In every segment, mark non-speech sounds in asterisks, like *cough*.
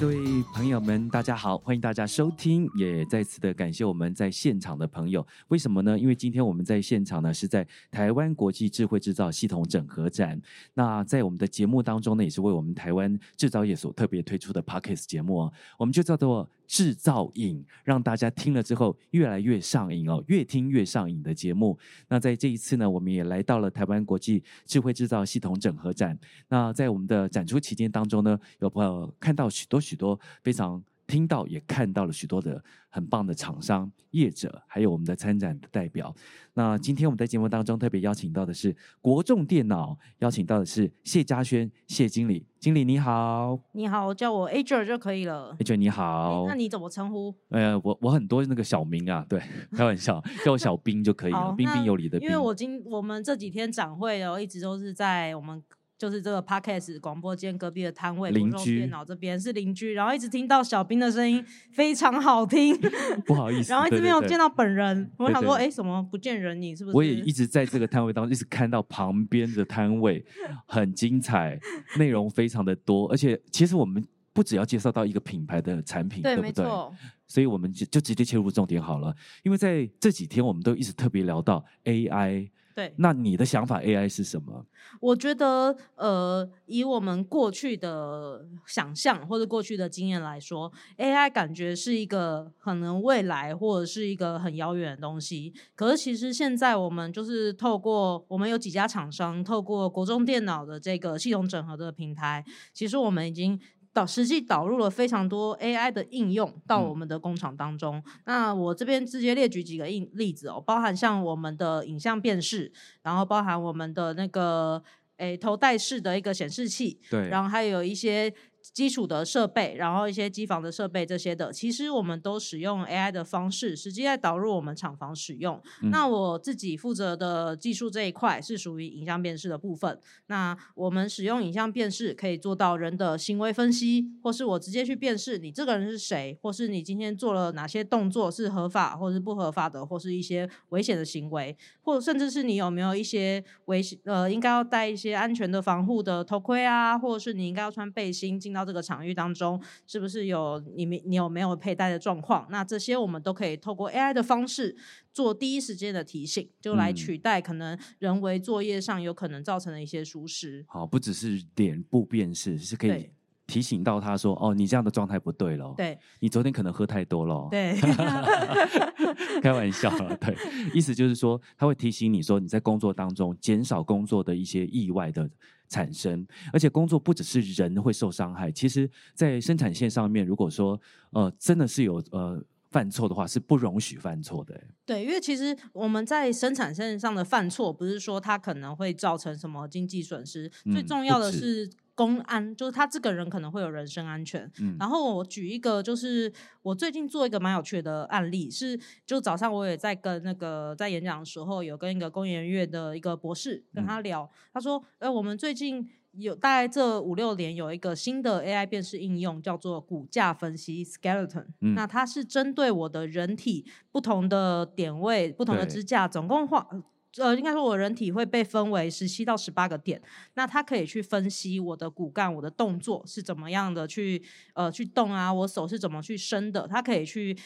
各位朋友們，大家好！歡迎大家收聽，也、yeah, 再次的感謝我們在現場的朋友。為什麼呢？因為今天我們在現場呢，是在台灣國際智慧制造系統整合展。那在我們的節目當中呢，也是為我們台灣制造業所特別推出的 podcast 節目、哦。我們就叫做。製造癮，讓大家聽了之後越來越上癮哦，越聽越上癮的節目。那在這一次呢，我們也來到了台灣國際智慧製造系統整合展。那在我們的展出期間當中呢，有朋友看到許多許多非常。聽到也看到了許多的很棒的廠商業者，還有我們的參展的代表。那今天我們在節目當中特別邀請到的是國眾電腦，邀請到的是謝佳萱謝經理。經理你好，你好，你好，我叫我 AJ 就可以了。AJ 你好，那你怎麼稱呼？呃、嗯，我我很多那個小名啊，對，開玩笑，叫我小兵就可以了，彬彬 *laughs* 好有禮的。因為我今我們這幾天展會哦，一直都是在我們。就是這個 Podcast 廣播間隔壁的攤位，然後國眾電腦這邊是鄰居，然後一直聽到小兵的聲音， *laughs* 非常好聽。不好意思，然後一直沒有見到本人，對對對。我想說，哎，什麼不見人影是不是？我也一直在這個攤位當中，一直看到旁邊的攤位很精彩， *laughs* 內容非常的多，而且其實我們不只要介紹到一個品牌的產品，對，對不對？沒錯。所以我們就就直接切入重點好了，因為在這幾天我們都一直特別聊到 AI。對，那你的想法 AI 是什麼？我覺得，呃，以我們過去的想象或者過去的經驗來說，AI 感覺是一個可能未來或者是一個很遙遠的東西。可是，其實現在我們就是透過我們有幾家廠商，透過國眾電腦的這個系統整合的平台，其實我們已經，實際導入了非常多 AI 的應用到我們的工廠當中。嗯。那我這邊直接列舉幾個例子哦，包含像我們的影像辨識，然後包含我們的那個誒、欸、頭戴式的一個顯示器，對，然後還有一些。基礎的設備，然後一些機房的設備這些的，其實我們都使用 AI 的方式，實際在導入我們廠房使用。嗯。那我自己負責的技術這一塊是屬於影像辨識的部分。那我們使用影像辨識，可以做到人的行為分析，或是我直接去辨識你這個人是誰，或是你今天做了哪些動作是合法，或是不合法的，或是一些危險的行為，或甚至是你有沒有一些危險，呃，應該要戴一些安全的防護的頭盔啊，或者是你應該要穿背心進到。到這個場域當中，是不是有你，你有沒有佩戴的狀況？那這些我們都可以透過 AI 的方式做第一時間的提醒，就來取代可能人為作業上有可能造成的一些疏失。嗯。好，不只是臉部辨識是可以。提醒到他說：“哦，你這樣的狀態不對了。對，你昨天可能喝太多了。對， *laughs* 開玩笑了，對，意思就是說，他會提醒你說你在工作當中，減少工作的一些意外的產生，而且工作不只是人會受傷害。其實，在生產線上面，如果說呃，真的是有呃，犯錯的話，是不容許犯錯的。對，因為其實我們在生產線上的犯錯，不是說它可能會造成什麼經濟損失，嗯、最重要的是。”工安就是他這個人可能會有人身安全。嗯、然後我舉一個，就是我最近做一個蠻有趣的案例，是就早上我也在跟那個在演講的時候有跟一個工研院，院的一個博士跟他聊，嗯、他說，呃，我們最近有大概這五六年有一個新的 AI 辨識應用叫做骨架分析 （Skeleton）。嗯、那它是針對我的人體不同的點位、不同的支架，對總共畫。呃，應該說我人體會被分為十七到十八個點，那它可以去分析我的骨幹、我的動作是怎麼樣的去呃去動啊，我手是怎麼去伸的，它可以去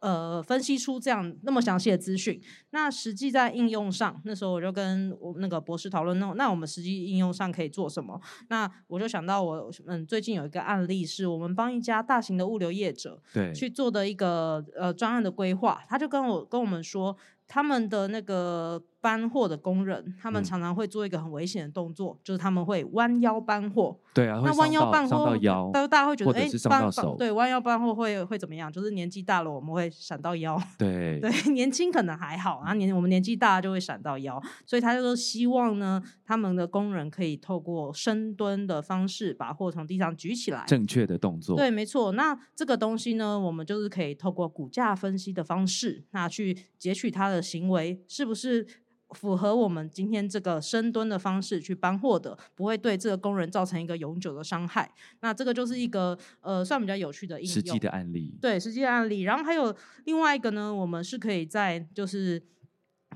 呃分析出這樣那麼詳細的資訊。那實際在應用上，那時候我就跟我那個博士討論，那那我們實際應用上可以做什麼？那我就想到我嗯最近有一個案例，是我們幫一家大型的物流業者去做的一個對呃專案的規劃，他就跟我跟我們說他們的那個。搬貨的工人，他們常常會做一個很危險的動作，嗯、就是他們會彎腰搬貨。對啊，那彎腰搬貨傷到腰，大家，大家會覺得手哎，搬搬對彎腰搬貨會會怎麼樣？就是年紀大了，我們會閃到腰。對對，年輕可能還好，然、啊、後、嗯、年我們年紀大了就會閃到腰。所以他就說希望呢，他們的工人可以透過深蹲的方式把貨從地上舉起來，正確的動作。對，沒錯。那這個東西呢，我們就是可以透過骨架分析的方式，那去截取他的行為是不是？符合我們今天這個深蹲的方式去搬貨的，不會對這個工人造成一個永久的傷害。那這個就是一個呃，算比較有趣的應用，實際的案例。對，實際的案例。然後還有另外一個呢，我們是可以在就是。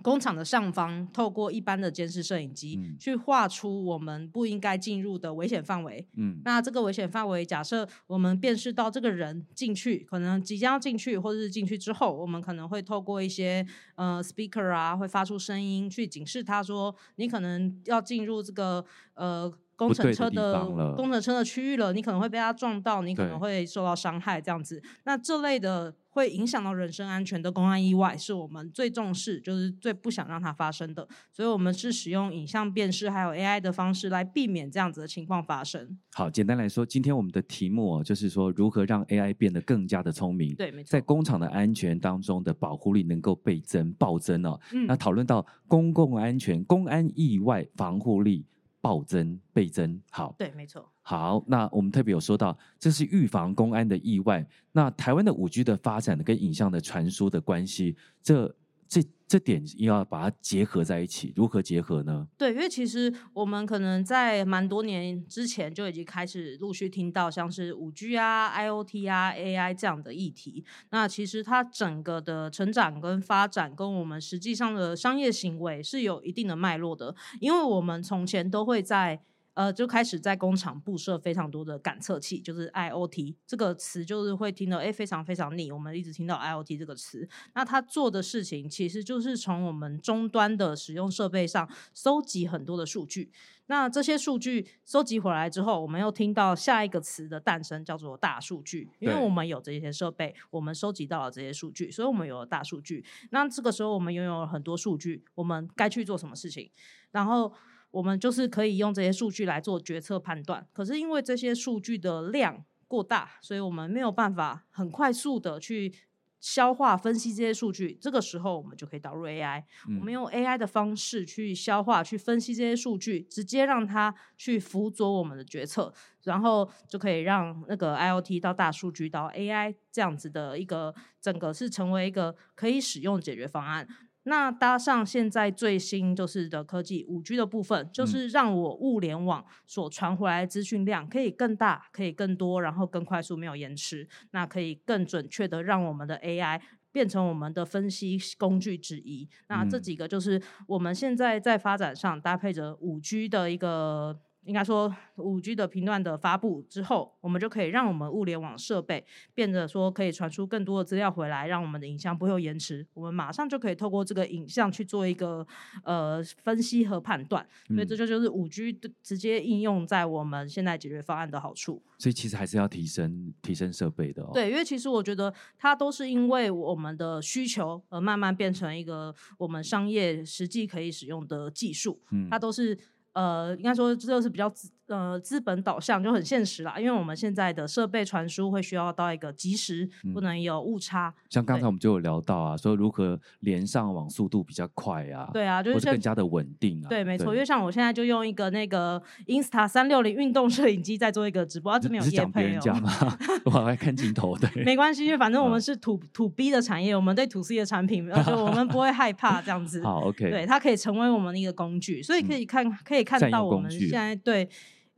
工廠的上方，透過一般的監視攝影機、嗯、去畫出我們不應該進入的危險範圍。嗯、那這個危險範圍，假設我們辨識到這個人進去，可能即將要進去，或者是進去之後，我們可能會透過一些呃 speaker 啊，會發出聲音去警示他說，你可能要進入這個呃，工程車的，的工程車的區域了，你可能會被它撞到，你可能會受到傷害，這樣子。對那這類的會影響到人身安全的公安意外，是我們最重視，就是最不想讓它發生的。所以我們是使用影像辨識還有 AI 的方式來避免這樣子的情況發生。好，簡單來說，今天我們的題目、喔、就是說，如何讓 AI 變得更加的聰明？對，沒錯，在工廠的安全當中的保護力能夠倍增、暴增哦、喔。嗯、那討論到公共安全、公安意外防護力。暴增、倍增，好。對，沒錯。好，那我們特別有說到，這是預防工安的意外。那台灣的 5G 的發展跟影像的傳輸的關係，這。這這點要把它結合在一起，如何結合呢？對，因為其實我們可能在蠻多年之前就已經開始陸續聽到像是五 G 啊、IOT 啊、AI 這樣的議題。那其實它整個的成長跟發展，跟我們實際上的商業行為是有一定的脈絡的，因為我們從前都會在。呃，就開始在工廠布設非常多的感測器，就是 IOT 這個詞，就是會聽到誒，非常非常膩。我們一直聽到 IOT 這個詞，那它做的事情其實就是從我們終端的使用設備上收集很多的數據。那這些數據收集回來之後，我們又聽到下一個詞的誕生，叫做大數據。因為我們有這些設備，我們收集到了這些數據，所以我們有了大數據。那這個時候，我們擁有了很多數據，我們該去做什麼事情？然後。我們就是可以用這些數據來做決策判斷，可是因為這些數據的量過大，所以我們沒有辦法很快速的去消化分析這些數據。這個時候，我們就可以導入 AI、嗯、我們用 AI 的方式去消化、去分析這些數據，直接讓它去輔佐我們的決策，然後就可以讓那個 IOT 到大數據到 AI 這樣子的一個整個是成為一個可以使用解決方案。那搭上現在最新就是的科技 5G 的部分，就是讓我物聯網所傳回來資訊量可以更大，可以更多，然後更快速，沒有延遲，那可以更準確的讓我們的 AI 變成我們的分析工具之一。那這幾個就是我們現在在發展上搭配着 5G 的一個。應該說，五 G 的頻段的發布之後，我們就可以讓我們物聯網設備變得說可以傳輸更多的資料回來，讓我們的影像不會有延遲。我們馬上就可以透過這個影像去做一個呃分析和判斷。所以這就就是五 G 直接應用在我們現在解決方案的好處。嗯，所以其實還是要提升提升設備的哦。對，因為其實我覺得它都是因為我們的需求而慢慢變成一個我們商業實際可以使用的技術。嗯，它都是。呃，應該說，這是比較。呃，資本導向就很現實啦，因為我們現在的設備傳輸會需要到一個即時，不能有誤差。像剛才我們就有聊到啊，說如何連上網速度比較快啊，對啊，就是更加的穩定啊。對，沒錯。因為像我現在就用一個那個 Insta 360運動攝影機在做一個直播，這邊有煙，朋友。我還在看鏡頭，對。沒關係，因為反正我們是土土 B 的產業，我們對土 C 的產品，而且我們不會害怕這樣子。好，OK。對，它可以成為我們的一個工具，所以可以看可以看到我們現在對。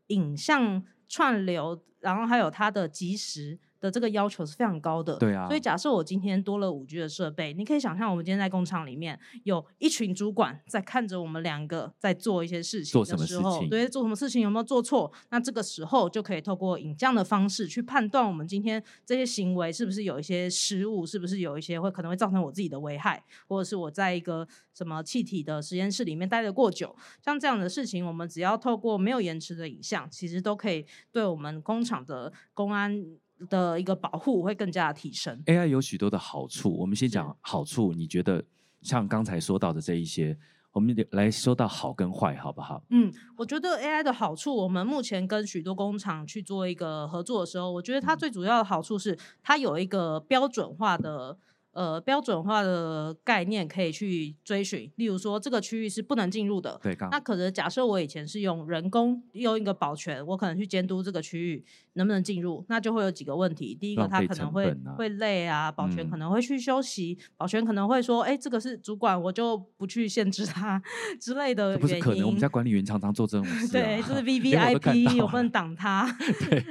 影像串流，然後還有它的即時。的這個要求是非常高的，對啊。所以假設我今天多了 5G 的設備，你可以想象我們今天在工廠裡面有一群主管在看着我們兩個在做一些事情的時候，做什麼事情？對，做什麼事情有沒有做錯？那這個時候就可以透過影像的方式去判斷我們今天這些行為是不是有一些失誤，是不是有一些會可能會造成我自己的危害，或者是我在一個什麼氣體的實驗室裡面待得過久，像這樣的事情，我們只要透過沒有延遲的影像，其實都可以對我們工廠的公安，的一個保護會更加的提升。A I 有許多的好處，我們先講好處。是你覺得像剛才說到的這一些，我們來說到好跟壞，好不好？嗯，我覺得 A I 的好處，我們目前跟許多工廠去做一個合作的時候，我覺得它最主要的好處是，它有一個標準化的。呃，標準化的概念可以去追尋，例如說這個區域是不能進入的。對，那可能假設我以前是用人工用一個保全，我可能去監督這個區域能不能進入，那就會有幾個問題。第一個，他可能會、啊、會累啊，保全可能會去休息，嗯、保全可能會說，哎、欸，這個是主管，我就不去限制他之類的原因。這不是可能，我們家管理員常常做這種事、啊。對，是 VVIP，、欸、我，我不能擋他。對，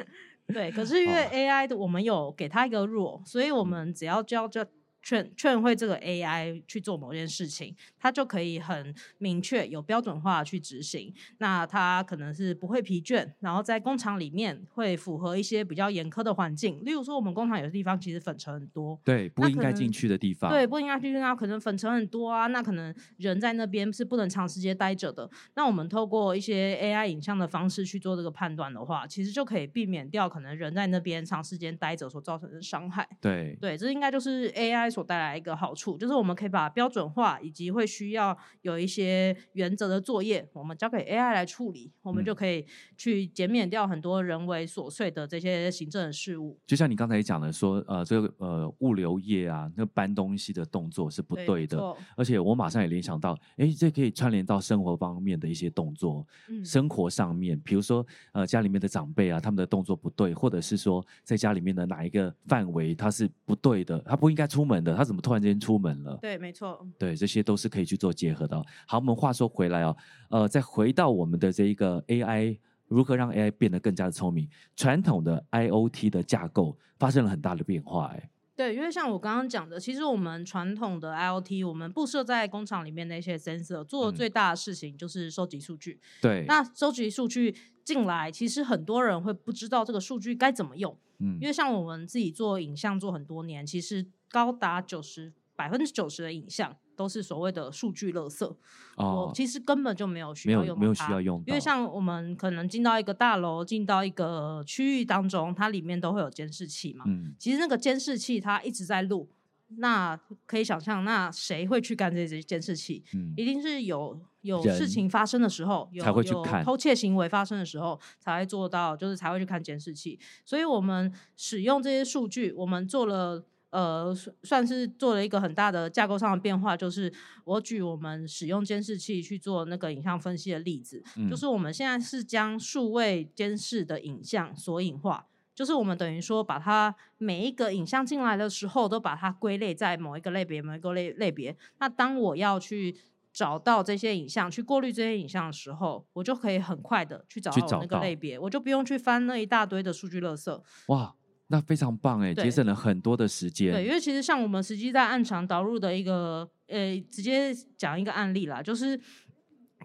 *laughs* 對，可是因為 A I 的，我們有給他一個 rule，好所以我們只要叫叫。勸勸會這個 AI 去做某件事情，它就可以很明確、有標準化去執行。那它可能是不會疲倦，然後在工廠裡面會符合一些比較嚴苛的環境。例如說，我們工廠有的地方其實粉塵很多，對，不應該進去的地方，對，不應該進去那，可能粉塵很多啊。那可能人在那邊是不能長時間待着的。那我們透過一些 AI 影像的方式去做這個判斷的話，其實就可以避免掉可能人在那邊長時間待着所造成的傷害。對對，這應該就是 AI。所帶來一個好處，就是我們可以把標準化以及會需要有一些原則的作業，我們交給 AI 來處理，我們就可以去減免掉很多人為瑣碎的這些行政事務。就像你剛才講的說，呃，這個呃物流業啊，那搬東西的動作是不對的。對，而且我馬上也聯想到，哎、欸，這可以串聯到生活方面的一些動作，嗯、生活上面，比如說呃家裡面的長輩啊，他們的動作不對，或者是說在家裡面的哪一個範圍他是不對的，他不應該出門。他怎麼突然間出門了？對，沒錯。對，這些都是可以去做結合的。好，我們話說回來哦，呃，再回到我們的這一個 AI，如何讓 AI 變得更加的聰明，傳統的 IOT 的架構發生了很大的變化。欸。哎，對，因為像我剛剛講的，其實我們傳統的 IOT，我們布設在工廠裡面那些 sensor 做的最大的事情就是收集數據。對、嗯，那收集數據進來，其實很多人會不知道這個數據該怎麼用。嗯，因為像我們自己做影像做很多年，其實。高達九十百分之九十的影像，都是所謂的數據垃圾，哦、我其實根本就沒有需要用它。用因為像我們可能進到一個大樓，進到一個區域當中，它裡面都會有監視器嘛。嗯、其實那個監視器它一直在錄，那可以想象，那誰會去幹這些監視器？嗯、一定是有有事情發生的時候，有有偷竊行為發生的時候，才會做到，就是才會去看監視器。所以我們使用這些數據，我們做了。呃，算是做了一個很大的架構上的變化，就是我舉我們使用監視器去做那個影像分析的例子，嗯、就是我們現在是將數位監視的影像索引化，就是我們等於說把它每一個影像進來的時候，都把它歸類在某一個類別，某一個類類別。那當我要去找到這些影像，去過濾這些影像的時候，我就可以很快的去找到我那個類別，我就不用去翻那一大堆的數據垃圾。哇！那非常棒，哎、欸，節省對了很多的時間。對，因為其實像我們實際在案場導入的一個，呃、欸，直接講一個案例啦，就是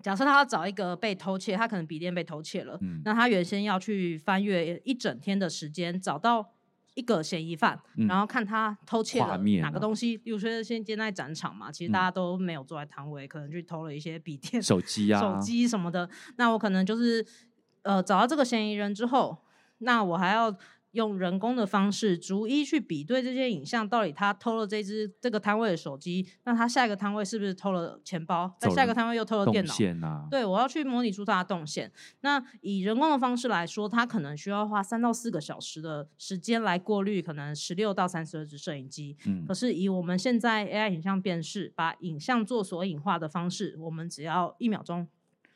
假設他要找一個被偷竊，他可能筆電被偷竊了，嗯、那他原先要去翻閱一整天的時間，找到一個嫌疑犯，嗯、然後看他偷竊了哪個東西。比如說，啊、現在在展場嘛，其實大家都沒有坐在攤位，嗯、可能去偷了一些筆電、手機啊、手機什麼的。那我可能就是，呃，找到這個嫌疑人之後，那我還要。用人工的方式逐一去比對這些影像，到底他偷了這只這個攤位的手機，那他下一個攤位是不是偷了錢包？在走了、哎、下一個攤位又偷了電腦？動線啊、對，我要去模擬出他的動線。那以人工的方式來說，他可能需要花三到四個小時的時間來過濾可能十六到三十二只攝影機。嗯、可是以我們現在 AI 影像辨識，把影像做索引化的方式，我們只要一秒鐘。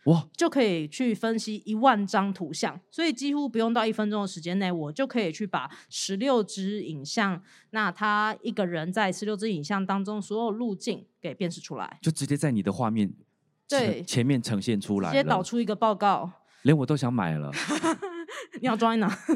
哇，Wow. 就可以去分析一萬張圖像，所以幾乎不用到一分鐘的時間內，我就可以去把十六支影像，那他一個人在十六支影像當中所有路徑給辨識出來，就直接在你的畫面對前面呈現出來，直接導出一個報告，連我都想買了， *laughs* 你要裝在哪？ *laughs* *laughs*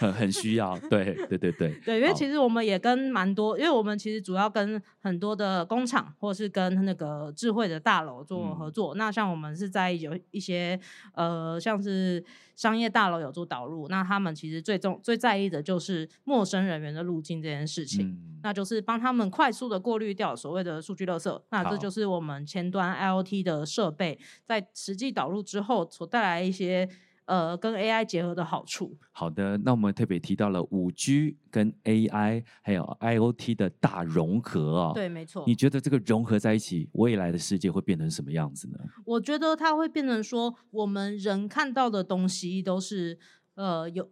很很需要，對對對對對，因為其實我們也跟蠻多，好因為我們其實主要跟很多的工廠，或是跟那個智慧的大樓做合作。嗯、那像我們是在有一些呃，像是商業大樓有做導入，那他們其實最重最在意的就是陌生人員的路徑這件事情，嗯、那就是幫他們快速的過濾掉所謂的數據垃圾。那這就是我們前端 IoT 的設備好在實際導入之後所帶來一些。呃，跟 AI 結合的好處。好的，那我們特別提到了 5G 跟 AI 還有 IOT 的大融合哦。對，沒錯。你覺得這個融合在一起，未來的世界會變成什麼樣子呢？我覺得它會變成說，我們人看到的東西都是呃有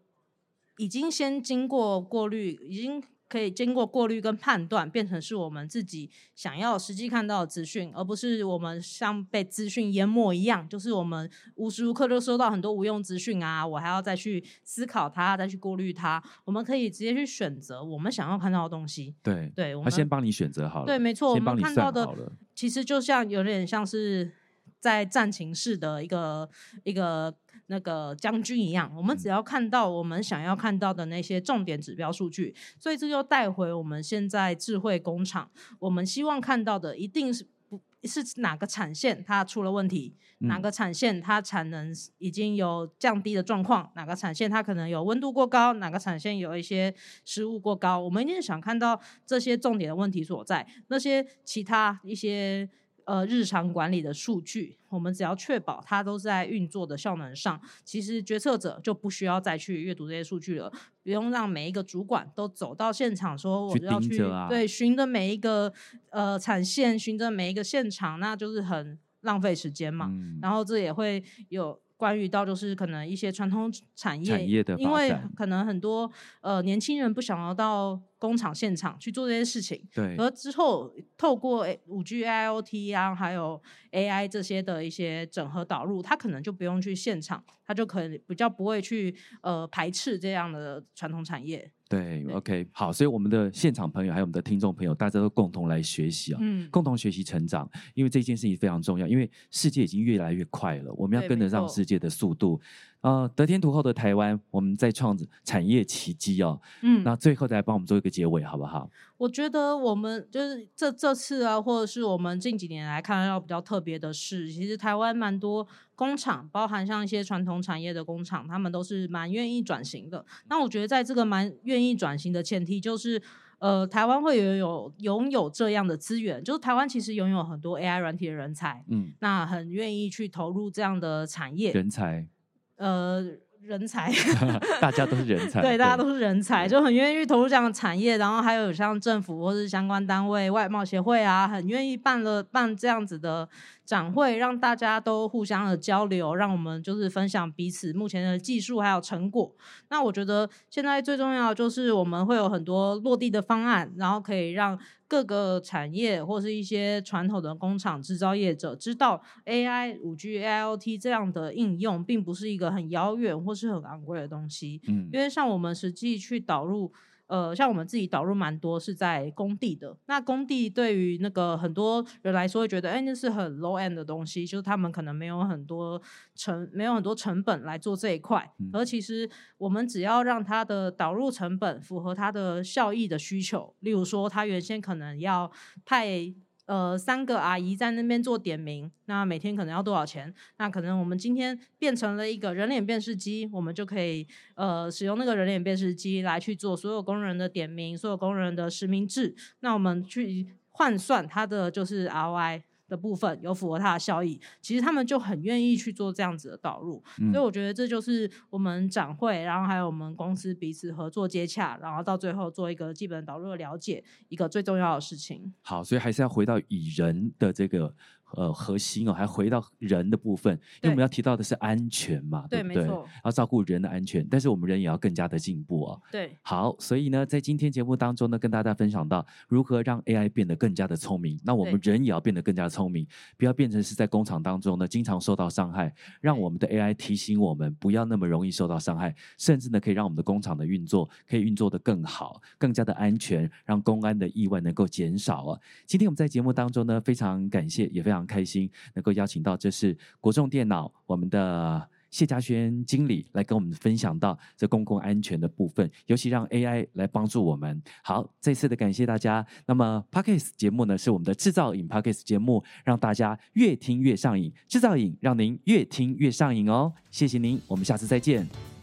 已經先經過過濾，已經。可以經過過濾跟判斷，變成是我們自己想要實際看到的資訊，而不是我們像被資訊淹沒一樣，就是我們無時無刻都收到很多無用資訊啊！我還要再去思考它，再去過濾它。我們可以直接去選擇我們想要看到的東西。對對，對我們他先幫你選擇好了。對，沒錯，幫你好我們看到的其實就像有點像是。在戰情室的一個一個那個將軍一樣，我們只要看到我們想要看到的那些重點指標數據，所以這就帶回我們現在智慧工廠，我們希望看到的一定是不是哪個產線它出了問題，嗯、哪個產線它產能已經有降低的狀況，哪個產線它可能有溫度過高，哪個產線有一些失誤過高，我們一定想看到這些重點的問題所在，那些其他一些。呃，日常管理的數據，我們只要確保它都在運作的效能上，其實決策者就不需要再去閱讀這些數據了，不用讓每一個主管都走到現場說我就要去，去啊、對，循著每一個呃產線，循著每一個現場，那就是很浪費時間嘛。嗯、然後這也會有關於到就是可能一些傳統產業，產業的因為可能很多呃年輕人不想要到。工廠現場去做這些事情，對而之後透過五 G IOT 啊，還有 AI 這些的一些整合導入，它可能就不用去現場。他就可能比較不會去呃排斥這樣的傳統產業。對，對，OK，好，所以我們的現場朋友還有我們的聽眾朋友，大家都共同來學習啊、哦，嗯、共同學習成長，因為這件事情非常重要。因為世界已經越來越快了，我們要跟得上世界的速度。呃，得天獨厚的台灣，我們再創產業奇蹟哦。嗯，那最後再幫我們做一個結尾，好不好？我覺得我們就是這這次啊，或者是我們近幾年來看到比較特別的是，其實台灣蠻多工廠，包含像一些傳統產業的工廠，他們都是蠻願意轉型的。那我覺得在這個蠻願意轉型的前提，就是呃，台灣會有有擁有這樣的資源，就是台灣其實擁有很多 AI 軟體的人才，嗯，那很願意去投入這樣的產業人才，呃。人才， *laughs* 大人才， *laughs* 大家都是人才，對，大家都是人才，就很願意投入這樣的產業，然後還有像政府或是相關單位、外貿協會啊，很願意辦了辦這樣子的。展會讓大家都互相的交流，讓我們就是分享彼此目前的技術還有成果。那我覺得現在最重要的就是我們會有很多落地的方案，然後可以讓各個產業或是一些傳統的工廠製造業者知道 AI、5G、IoT 這樣的應用，並不是一個很遙遠或是很昂貴的東西。嗯，因為像我們實際去導入。呃，像我們自己導入蠻多是在工地的，那工地對於那個很多人來說會覺得，誒，那是很 low end 的東西，就是他們可能沒有很多成沒有很多成本來做這一塊，嗯、而其實我們只要讓它的導入成本符合它的效益的需求，例如說，它原先可能要派。呃，三個阿姨在那邊做點名，那每天可能要多少錢？那可能我們今天變成了一個人臉辨識機，我們就可以呃使用那個人臉辨識機來去做所有工人的點名，所有工人的實名制。那我們去換算它的就是 ROI。的部分有符合他的效益，其實他們就很願意去做這樣子的導入，嗯，所以我覺得這就是我們展會，然後還有我們公司彼此合作接洽，然後到最後做一個基本導入的了解，一個最重要的事情。好，所以還是要回到以人的這個。呃，核心哦，還回到人的部分，因為我們要提到的是安全嘛，對，對不對？對，沒錯，要照顧人的安全，但是我們人也要更加的進步哦。對，好，所以呢，在今天節目當中呢，跟大家分享到如何讓 AI 變得更加的聰明，那我們人也要變得更加聰明，對不要變成是在工廠當中呢，經常受到傷害，讓我們的 AI 提醒我們不要那麼容易受到傷害，對甚至呢，可以讓我們的工廠的運作可以運作得更好，更加的安全，讓公安的意外能夠減少哦。今天我們在節目當中呢，非常感謝，也非常。非常開心能夠邀請到，這是國眾電腦我們的謝佳萱經理來跟我們分享到這公共安全的部分，尤其讓 AI 來幫助我們。好，再次的感謝大家。那麼 Podcast 節目呢，是我們的製造癮 Podcast 節目，讓大家越聽越上癮。製造癮讓您越聽越上癮哦。謝謝您，我們下次再見。